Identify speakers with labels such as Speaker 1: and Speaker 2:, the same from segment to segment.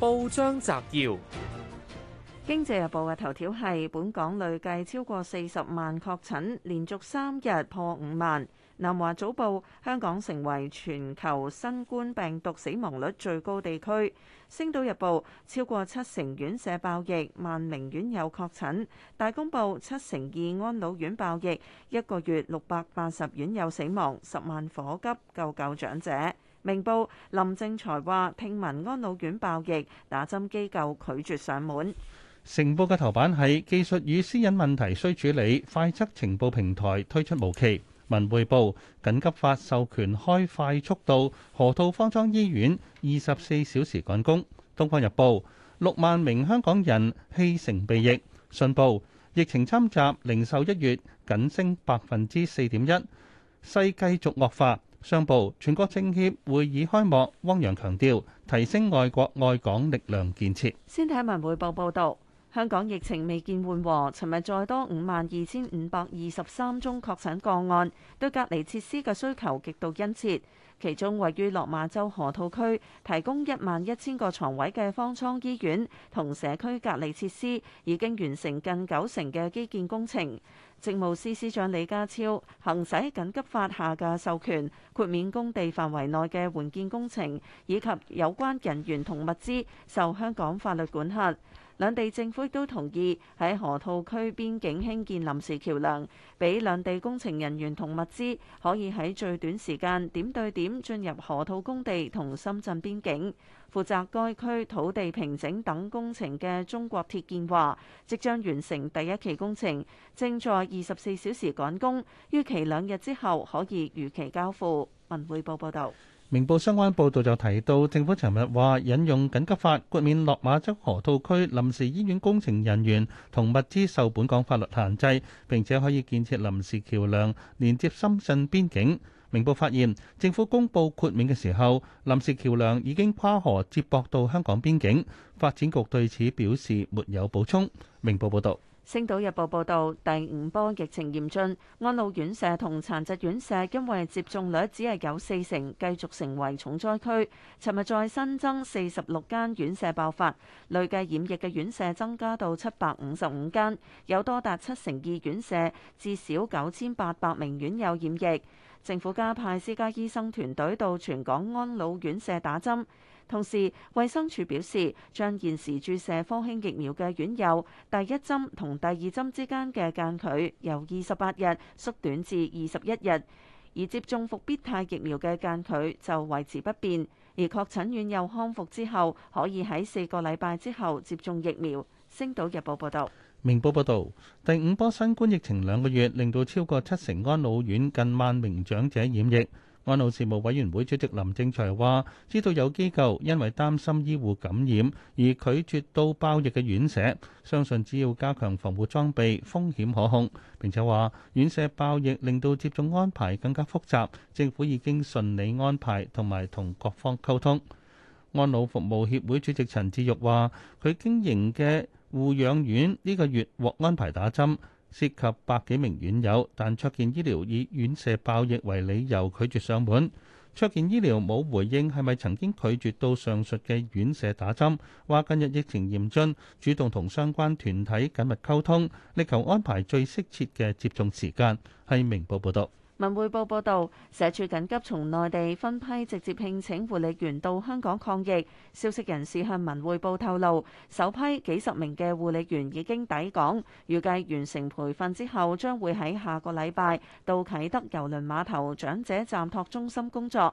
Speaker 1: 報章摘要：
Speaker 2: 經濟日報嘅頭條係本港累計超過四十萬確診，連續三日破五萬。南華早報：香港成為全球新冠病毒死亡率最高地區。星島日報：超過七成院舍爆疫，萬名院友確診。大公報：七成二安老院爆疫，一個月六百八十院友死亡，十萬火急救救救長者。明報林正財話：聽聞安老院爆疫，打針機構拒絕上門。
Speaker 1: 成報嘅頭版係技術與私隱問題需處理，快測情報平台推出無期。文匯報緊急法授權開快速道，河套方艙醫院二十四小時趕工。東方日報六萬名香港人棄城避疫。信報疫情侵襲零售一月僅升百分之四點一，勢繼續惡化。商報全國政協會議開幕，汪洋強調提升外國外港力量建設。
Speaker 2: 先睇文匯報報導。香港疫情未見緩和，尋日再多五萬二千五百二十三宗確診個案，對隔離設施嘅需求極度殷切。其中位於落馬洲河套區提供一萬一千個床位嘅方艙醫院同社區隔離設施已經完成近九成嘅基建工程。政務司司長李家超行使緊急法下嘅授權，豁免工地範圍內嘅援建工程以及有關人員同物資受香港法律管轄。兩地政府亦都同意喺河套區邊境興建臨時橋梁，俾兩地工程人員同物資可以喺最短時間點對點進入河套工地同深圳邊境。負責該區土地平整等工程嘅中國鐵建話，即將完成第一期工程，正在二十四小時趕工，預期兩日之後可以如期交付。文匯報報道。
Speaker 1: 明報相關報導就提到，政府尋日話引用緊急法豁免落馬洲河套區臨時醫院工程人員同物資受本港法律限制，並且可以建設臨時橋梁連接深圳邊境。明報發現，政府公布豁免嘅時候，臨時橋梁已經跨河接駁到香港邊境。發展局對此表示沒有補充。明報報導。
Speaker 2: 星島日報報道，第五波疫情嚴峻，安老院舍同殘疾院舍因為接種率只係有四成，繼續成為重災區。尋日再新增四十六間院舍爆發，累計染疫嘅院舍增加到七百五十五間，有多達七成二院舍，至少九千八百名院友染疫。政府加派私家醫生團隊到全港安老院舍打針。同時，衛生署表示，將現時注射科興疫苗嘅院友第一針同第二針之間嘅間距由二十八日縮短至二十一日，而接種復必泰疫苗嘅間距就維持不變。而確診院友康復之後，可以喺四個禮拜之後接種疫苗。星島日報報道。
Speaker 1: 明報報道，第五波新冠疫情兩個月，令到超過七成安老院近萬名長者染疫。安老事務委員會主席林正財話：知道有機構因為擔心醫護感染而拒絕到爆疫嘅院舍，相信只要加強防護裝備，風險可控。並且話，院舍爆疫令到接種安排更加複雜，政府已經順利安排同埋同各方溝通。安老服務協會主席陳志玉話：佢經營嘅護養院呢個月獲安排打針。涉及百幾名院友，但卓健醫療以院舍爆疫為理由拒絕上門，卓健醫療冇回應，係咪曾經拒絕到上述嘅院舍打針。話近日疫情嚴峻，主動同相關團體緊密溝通，力求安排最適切嘅接種時間，係明報報道。
Speaker 2: 文匯報報道，社署緊急從內地分批直接聘請護理員到香港抗疫。消息人士向文匯報透露，首批幾十名嘅護理員已經抵港，預計完成培訓之後，將會喺下個禮拜到啟德郵輪碼頭長者暫託中心工作。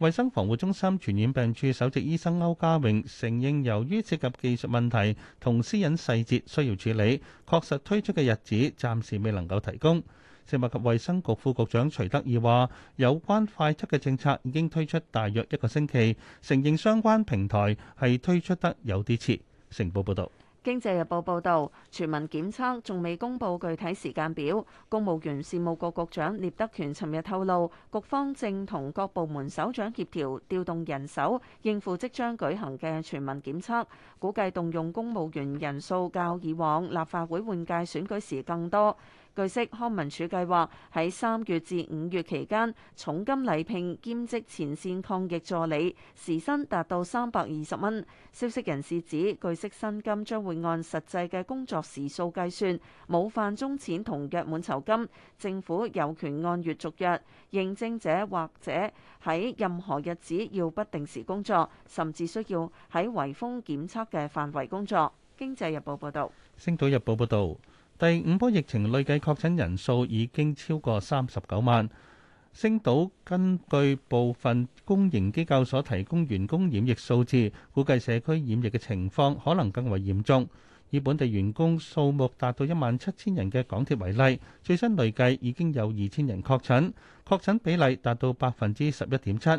Speaker 1: 衛生防護中心傳染病處首席醫生歐家榮承認，由於涉及技術問題同私隱細節需要處理，確實推出嘅日子暫時未能夠提供。食物及衛生局副局長徐德義話，有關快測嘅政策已經推出大約一個星期，承認相關平台係推出得有啲遲。成報報道。
Speaker 2: 經濟日報報導，全民檢測仲未公布具體時間表。公務員事務局局長聶德權尋日透露，局方正同各部門首長協調，調動人手應付即將舉行嘅全民檢測，估計動用公務員人數較以往立法會換屆選舉時更多。據悉，康文署計劃喺三月至五月期間，重金禮聘兼職前線抗疫助理，時薪達到三百二十蚊。消息人士指，據悉薪金將會按實際嘅工作時數計算，冇飯鐘錢同約滿酬金。政府有權按月續約認證者，或者喺任何日子要不定時工作，甚至需要喺圍封檢測嘅範圍工作。經濟日報報道。
Speaker 1: 星島日報報導。第五波疫情累計確診人數已經超過三十九萬。星島根據部分公營機構所提供員工染疫數字，估計社區染疫嘅情況可能更為嚴重。以本地員工數目達到一萬七千人嘅港鐵為例，最新累計已經有二千人確診，確診比例達到百分之十一點七。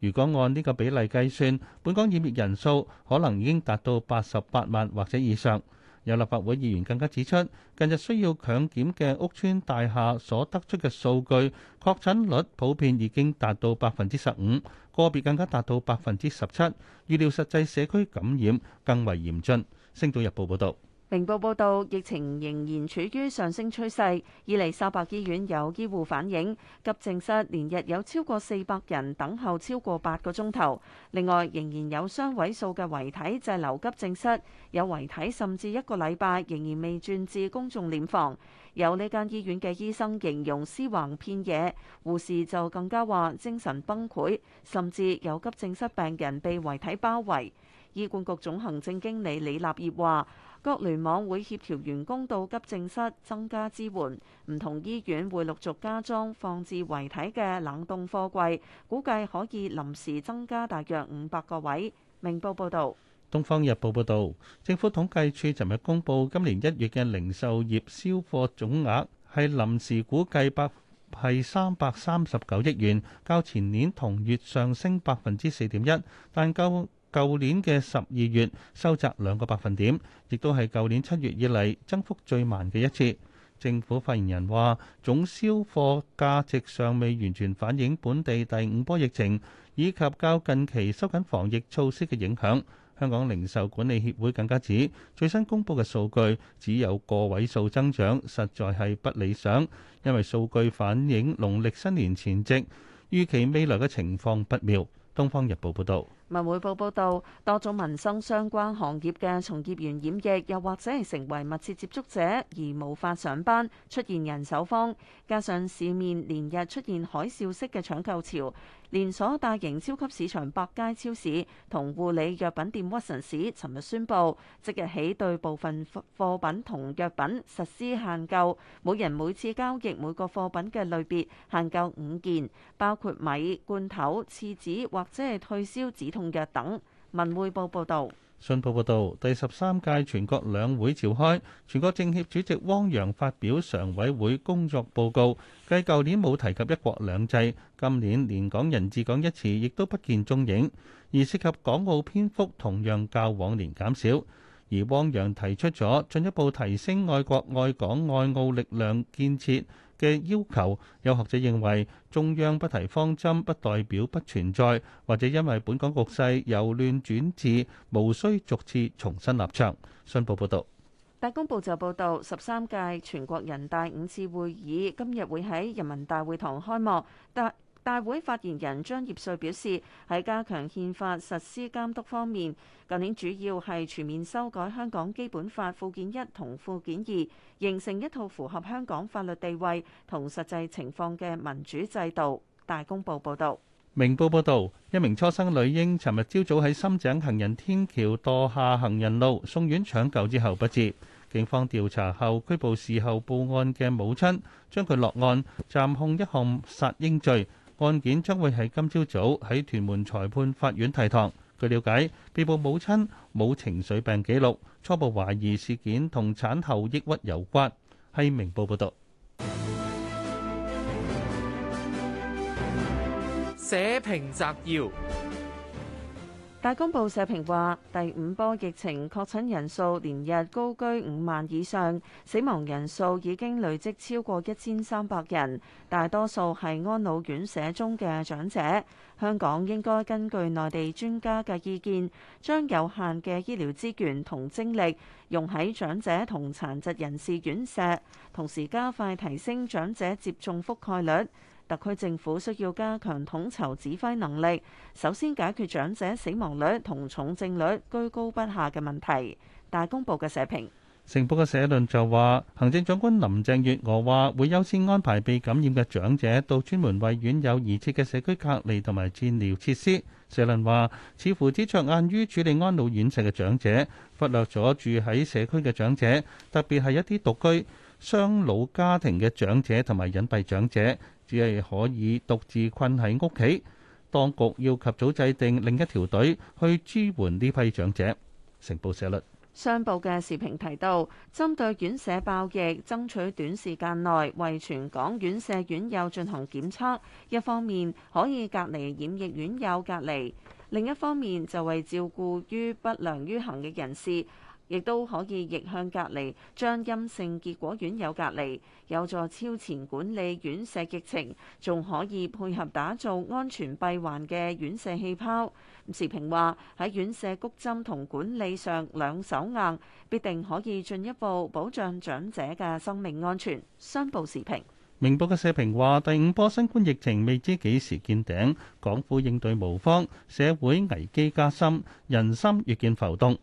Speaker 1: 如果按呢個比例計算，本港染疫人數可能已經達到八十八萬或者以上。有立法會議員更加指出，近日需要強檢嘅屋邨大廈所得出嘅數據，確診率普遍已經達到百分之十五，個別更加達到百分之十七，預料實際社區感染更為嚴峻。星島日報報道。
Speaker 2: 明報報導，疫情仍然處於上升趨勢。伊利沙伯醫院有醫護反映，急症室連日有超過四百人等候超過八個鐘頭。另外，仍然有雙位數嘅遺體滯留急症室，有遺體甚至一個禮拜仍然未轉至公眾殮房。有呢間醫院嘅醫生形容屍橫遍野，護士就更加話精神崩潰，甚至有急症室病人被遺體包圍。醫管局總行政經理李立業話。各聯網會協調員工到急症室增加支援，唔同醫院會陸續加裝放置遺體嘅冷凍貨櫃，估計可以臨時增加大約五百個位。明報
Speaker 1: 報導。《東方日報》報導，政府統計處尋日公布今年一月嘅零售業銷貨總額係臨時估計百係三百三十九億元，較前年同月上升百分之四點一，但較舊年嘅十二月收窄兩個百分點，亦都係舊年七月以嚟增幅最慢嘅一次。政府發言人話：總銷貨價值尚未完全反映本地第五波疫情以及較近期收緊防疫措施嘅影響。香港零售管理協會更加指，最新公布嘅數據只有個位數增長，實在係不理想，因為數據反映農曆新年前夕，預期未來嘅情況不妙。《東方日報》報導。
Speaker 2: 文匯報報道，多種民生相關行業嘅從業員染疫，又或者係成為密切接觸者而無法上班，出現人手荒。加上市面連日出現海嘯式嘅搶購潮，連鎖大型超級市場百佳超市同護理藥品店屈臣氏，尋日宣布即日起對部分貨品同藥品實施限購，每人每次交易每個貨品嘅類別限購五件，包括米、罐頭、廁紙或者係退燒止痛。等文匯報報道。
Speaker 1: 信報報道，第十三屆全國兩會召開，全國政協主席汪洋發表常委會工作報告，繼舊年冇提及一國兩制，今年連港人治港一詞亦都不見蹤影，而涉及港澳篇幅同樣較往年減少。而汪洋提出咗進一步提升愛國愛港愛澳力量建設嘅要求，有學者認為中央不提方針不代表不存在，或者因為本港局勢由亂轉治，無需逐次重新立場。信報報導，
Speaker 2: 大公報就報導十三屆全國人大五次會議今日會喺人民大會堂開幕。但大會發言人張業遂表示，喺加強憲法實施監督方面，近年主要係全面修改香港基本法附件一同附件二，形成一套符合香港法律地位同實際情況嘅民主制度。大公報報導，
Speaker 1: 明報報導，一名初生女嬰尋日朝早喺深井行人天橋墮下行人路，送院搶救之後不治。警方調查後拘捕事後報案嘅母親，將佢落案暫控一項殺嬰罪。案件將會喺今朝早喺屯門裁判法院提堂。據瞭解，被捕母親冇情緒病記錄，初步懷疑事件同產後抑鬱有關。係明報報導。社評摘要。
Speaker 2: 大公報社評話：第五波疫情確診人數連日高居五萬以上，死亡人數已經累積超過一千三百人，大多數係安老院舍中嘅長者。香港應該根據內地專家嘅意見，將有限嘅醫療資源同精力用喺長者同殘疾人士院舍，同時加快提升長者接種覆蓋率。特區政府需要加強統籌指揮能力，首先解決長者死亡率同重症率居高不下嘅問題。大公報嘅社評。
Speaker 1: 成報嘅社論就話，行政長官林鄭月娥話會優先安排被感染嘅長者到專門為院友而設嘅社區隔離同埋治療設施。社論話，似乎只著眼於處理安老院舍嘅長者，忽略咗住喺社區嘅長者，特別係一啲獨居、雙老家庭嘅長者同埋隱蔽長者。只係可以獨自困喺屋企，當局要及早制定另一條隊去支援呢批長者。成報社律
Speaker 2: 上報嘅視頻提到，針對院舍爆疫，爭取短時間內為全港院舍院友進行檢測，一方面可以隔離染疫院友隔離，另一方面就為照顧於不良於行嘅人士。亦都可以逆向隔離，將陰性結果院友隔離，有助超前管理院舍疫情，仲可以配合打造安全閉環嘅院舍氣泡。時評話：喺院舍谷針同管理上兩手硬，必定可以進一步保障長者嘅生命安全。商報時評。
Speaker 1: 明報嘅社評話：第五波新冠疫情未知幾時見頂，港府應對無方，社會危機加深，人心越見浮動。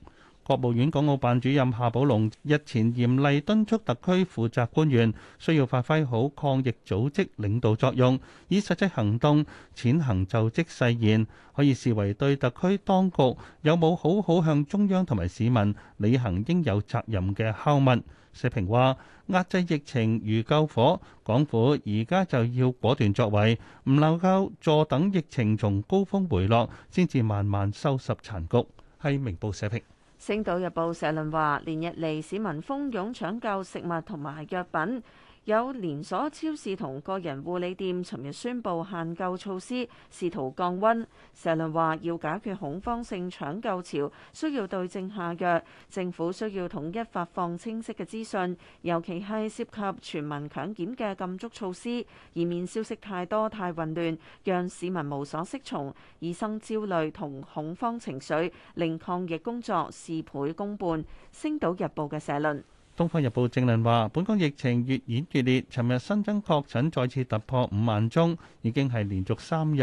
Speaker 1: 國務院港澳辦主任夏寶龍日前嚴厲敦促特區負責官員，需要發揮好抗疫組織領導作用，以實際行動踐行就職誓言，可以視為對特區當局有冇好好向中央同埋市民履行應有責任嘅拷問。社評話，壓制疫情如救火，港府而家就要果斷作為，唔能夠坐等疫情從高峰回落，先至慢慢收拾殘局。係明報社評。
Speaker 2: 星島日報社論話，連日嚟市民蜂擁搶救食物同埋藥品。有連鎖超市同個人護理店尋日宣布限購措施，試圖降溫。社論話要解決恐慌性搶購潮，需要對症下藥，政府需要統一發放清晰嘅資訊，尤其係涉及全民強檢嘅禁足措施，以免消息太多太混亂，讓市民無所適從，而生焦慮同恐慌情緒，令抗疫工作事倍功半。《星島日報》嘅社論。
Speaker 1: 《東方日報》正論話：本港疫情越演越烈，尋日新增確診再次突破五萬宗，已經係連續三日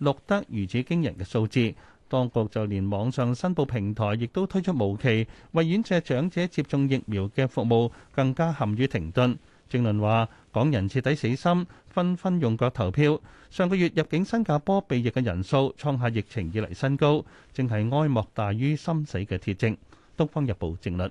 Speaker 1: 錄得如此驚人嘅數字。當局就連網上申報平台亦都推出無期，為院舍長者接種疫苗嘅服務更加陷於停頓。正論話：港人徹底死心，紛紛用腳投票。上個月入境新加坡避疫嘅人數創下疫情以來新高，正係哀莫大於心死嘅鐵證。《東方日報》正論。